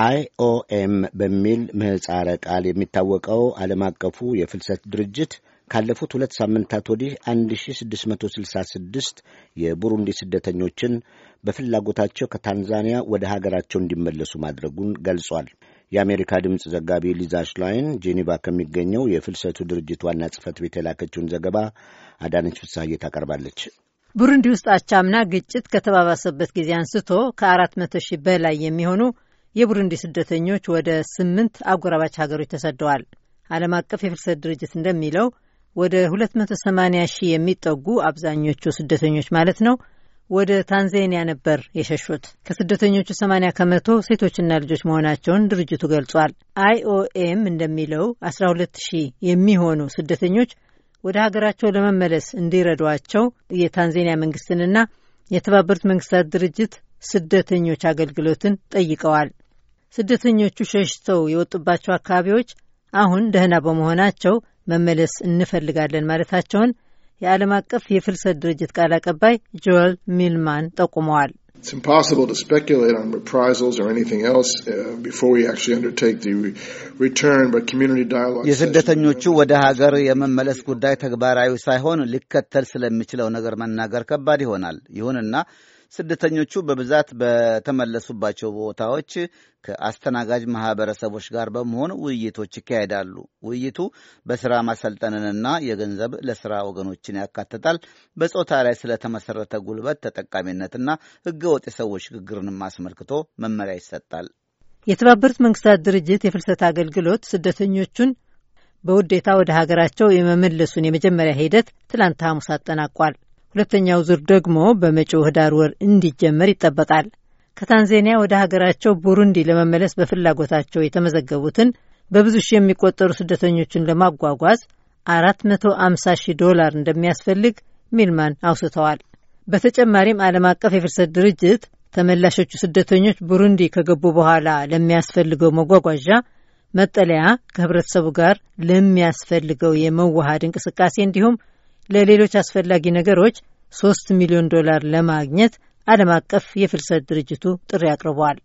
አይኦኤም በሚል ምህፃረ ቃል የሚታወቀው ዓለም አቀፉ የፍልሰት ድርጅት ካለፉት ሁለት ሳምንታት ወዲህ 1666 የቡሩንዲ ስደተኞችን በፍላጎታቸው ከታንዛኒያ ወደ ሀገራቸው እንዲመለሱ ማድረጉን ገልጿል። የአሜሪካ ድምፅ ዘጋቢ ሊዛ ሽላይን ጄኔቫ ከሚገኘው የፍልሰቱ ድርጅት ዋና ጽሕፈት ቤት የላከችውን ዘገባ አዳነች ፍስሐዬ ታቀርባለች። ቡሩንዲ ውስጥ አቻምና ግጭት ከተባባሰበት ጊዜ አንስቶ ከ400 ሺህ በላይ የሚሆኑ የቡሩንዲ ስደተኞች ወደ ስምንት አጎራባች ሀገሮች ተሰደዋል። ዓለም አቀፍ የፍልሰት ድርጅት እንደሚለው ወደ 280 ሺህ የሚጠጉ አብዛኞቹ ስደተኞች ማለት ነው ወደ ታንዛኒያ ነበር የሸሹት። ከስደተኞቹ 80 ከመቶ ሴቶችና ልጆች መሆናቸውን ድርጅቱ ገልጿል። አይኦኤም እንደሚለው 12 ሺህ የሚሆኑ ስደተኞች ወደ ሀገራቸው ለመመለስ እንዲረዷቸው የታንዛኒያ መንግስትንና የተባበሩት መንግስታት ድርጅት ስደተኞች አገልግሎትን ጠይቀዋል። ስደተኞቹ ሸሽተው የወጡባቸው አካባቢዎች አሁን ደህና በመሆናቸው መመለስ እንፈልጋለን ማለታቸውን የዓለም አቀፍ የፍልሰት ድርጅት ቃል አቀባይ ጆል ሚልማን ጠቁመዋል። uh, የስደተኞቹ ወደ ሀገር የመመለስ ጉዳይ ተግባራዊ ሳይሆን ሊከተል ስለሚችለው ነገር መናገር ከባድ ይሆናል። ይሁንና ስደተኞቹ በብዛት በተመለሱባቸው ቦታዎች ከአስተናጋጅ ማህበረሰቦች ጋር በመሆን ውይይቶች ይካሄዳሉ። ውይይቱ በስራ ማሰልጠንንና የገንዘብ ለስራ ወገኖችን ያካትታል። በጾታ ላይ ስለተመሰረተ ጉልበት ተጠቃሚነትና ህገወጥ የሰዎች ሽግግርንም አስመልክቶ መመሪያ ይሰጣል። የተባበሩት መንግስታት ድርጅት የፍልሰት አገልግሎት ስደተኞቹን በውዴታ ወደ ሀገራቸው የመመለሱን የመጀመሪያ ሂደት ትላንት ሐሙስ አጠናቋል። ሁለተኛው ዙር ደግሞ በመጪው ህዳር ወር እንዲጀመር ይጠበቃል። ከታንዛኒያ ወደ ሀገራቸው ቡሩንዲ ለመመለስ በፍላጎታቸው የተመዘገቡትን በብዙ ሺህ የሚቆጠሩ ስደተኞችን ለማጓጓዝ 450 ሺህ ዶላር እንደሚያስፈልግ ሚልማን አውስተዋል። በተጨማሪም ዓለም አቀፍ የፍልሰት ድርጅት ተመላሾቹ ስደተኞች ቡሩንዲ ከገቡ በኋላ ለሚያስፈልገው መጓጓዣ፣ መጠለያ፣ ከህብረተሰቡ ጋር ለሚያስፈልገው የመዋሃድ እንቅስቃሴ እንዲሁም ለሌሎች አስፈላጊ ነገሮች 3 ሚሊዮን ዶላር ለማግኘት ዓለም አቀፍ የፍልሰት ድርጅቱ ጥሪ አቅርቧል።